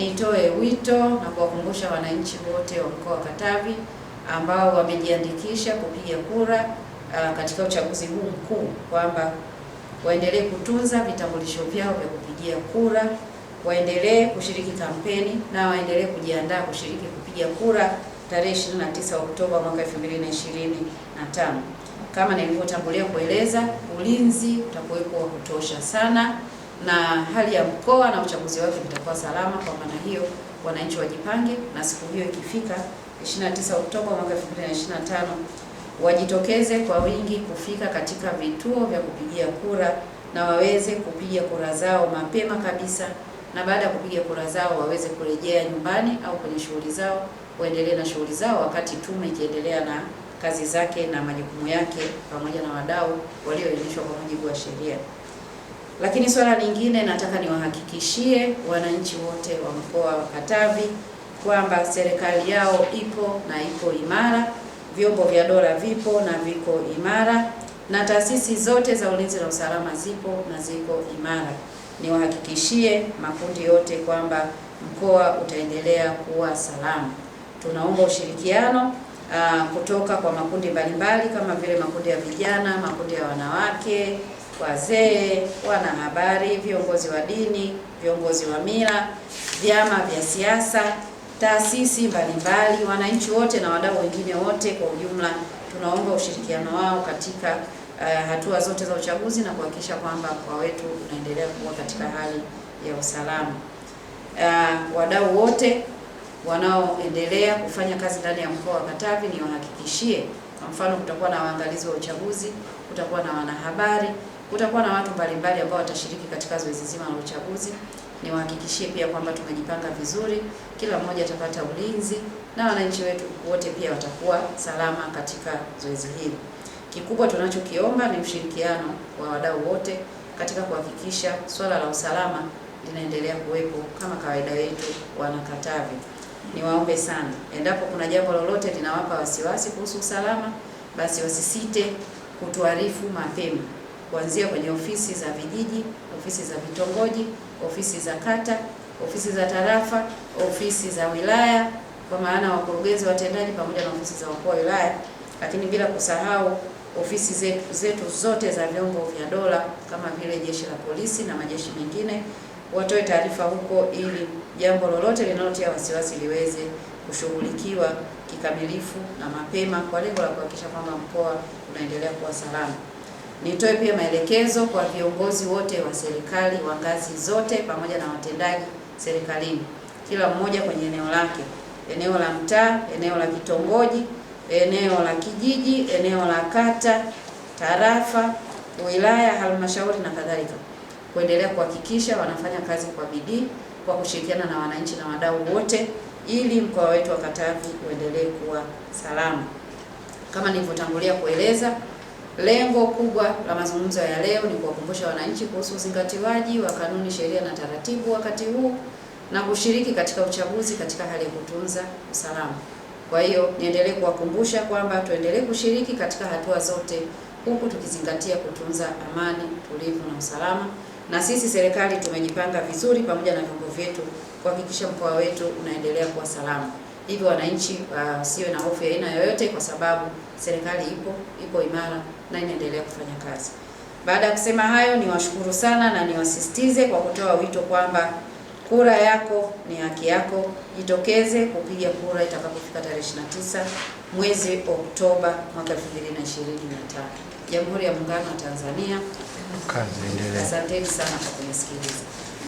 Nitoe wito na kuwakumbusha wananchi wote wa mkoa wa Katavi ambao wamejiandikisha kupiga kura uh, katika uchaguzi huu mkuu kwamba waendelee kutunza vitambulisho vyao vya kupigia kura, waendelee kushiriki kampeni na waendelee kujiandaa kushiriki kupiga kura tarehe 29 Oktoba mwaka 2025. Kama nilivyotangulia kueleza, ulinzi utakuwepo wa kutosha sana na hali ya mkoa na uchaguzi wake vitakuwa salama. Kwa maana hiyo, wananchi wajipange na siku hiyo ikifika 29 Oktoba mwaka 2025 wajitokeze kwa wingi kufika katika vituo vya kupigia kura na waweze kupiga kura zao mapema kabisa, na baada ya kupiga kura zao waweze kurejea nyumbani au kwenye shughuli zao, waendelee na shughuli zao, wakati tume ikiendelea na kazi zake na majukumu yake pamoja na wadau walioainishwa kwa mujibu wa sheria. Lakini swala lingine nataka niwahakikishie wananchi wote wa mkoa wa Katavi kwamba serikali yao ipo na ipo imara, vyombo vya dola vipo na viko imara, na taasisi zote za ulinzi na usalama zipo na ziko imara. Niwahakikishie makundi yote kwamba mkoa utaendelea kuwa salama. Tunaomba ushirikiano aa, kutoka kwa makundi mbalimbali kama vile makundi ya vijana, makundi ya wanawake wazee, wanahabari, viongozi wa dini, viongozi wa mila, vyama vya siasa, taasisi mbalimbali, wananchi wote na wadau wengine wote kwa ujumla, tunaomba ushirikiano wao katika uh, hatua zote za uchaguzi na kuhakikisha kwamba mkoa wetu unaendelea kuwa katika hali ya usalama. Uh, wadau wote wanaoendelea kufanya kazi ndani ya mkoa wa Katavi niwahakikishie, kwa mfano, kutakuwa na waangalizi wa uchaguzi, kutakuwa na wanahabari Kutakuwa na watu mbalimbali ambao watashiriki katika zoezi zima la uchaguzi. Niwahakikishie pia kwamba tumejipanga vizuri, kila mmoja atapata ulinzi na wananchi wetu wote pia watakuwa salama katika zoezi hili. Kikubwa tunachokiomba ni ushirikiano wa wadau wote katika kuhakikisha swala la usalama linaendelea kuwepo kama kawaida yetu Wanakatavi. Niwaombe sana, endapo kuna jambo lolote linawapa wasiwasi kuhusu usalama, basi wasisite kutuarifu mapema kuanzia kwenye ofisi za vijiji, ofisi za vitongoji, ofisi za kata, ofisi za tarafa, ofisi za wilaya kwa maana wakurugenzi watendaji, pamoja na ofisi za wakuu wa wilaya, lakini bila kusahau ofisi zetu, zetu zote za vyombo vya dola kama vile jeshi la polisi na majeshi mengine watoe taarifa huko, ili jambo lolote linalotia wasiwasi liweze kushughulikiwa kikamilifu na mapema kwa lengo la kuhakikisha kwamba mkoa unaendelea kuwa salama. Nitoe pia maelekezo kwa viongozi wote wa serikali wa ngazi zote pamoja na watendaji serikalini, kila mmoja kwenye eneo lake, eneo la mtaa, eneo la kitongoji, eneo la kijiji, eneo la kata, tarafa, wilaya, halmashauri na kadhalika, kuendelea kuhakikisha wanafanya kazi kwa bidii kwa kushirikiana na wananchi na wadau wote ili mkoa wetu wa Katavi uendelee kuwa salama. Kama nilivyotangulia kueleza Lengo kubwa la mazungumzo ya leo ni kuwakumbusha wananchi kuhusu uzingatiwaji wa kanuni, sheria na taratibu wakati huu na kushiriki katika uchaguzi katika hali ya kutunza usalama. Kwa hiyo niendelee kuwakumbusha kwamba tuendelee kushiriki katika hatua zote huku tukizingatia kutunza amani, tulivu na usalama. Na sisi serikali tumejipanga vizuri pamoja na vyombo vyetu kuhakikisha mkoa wetu unaendelea kuwa salama. Hivyo wananchi uh, wasiwe na hofu ya aina yoyote, kwa sababu serikali ipo ipo imara na inaendelea kufanya kazi. Baada ya kusema hayo, niwashukuru sana na niwasisitize kwa kutoa wito kwamba kura yako ni haki yako, jitokeze kupiga kura itakapofika tarehe 29 mwezi Oktoba mwaka 2025. Jamhuri ya Muungano wa Tanzania. Asanteni sana kwa kunisikiliza.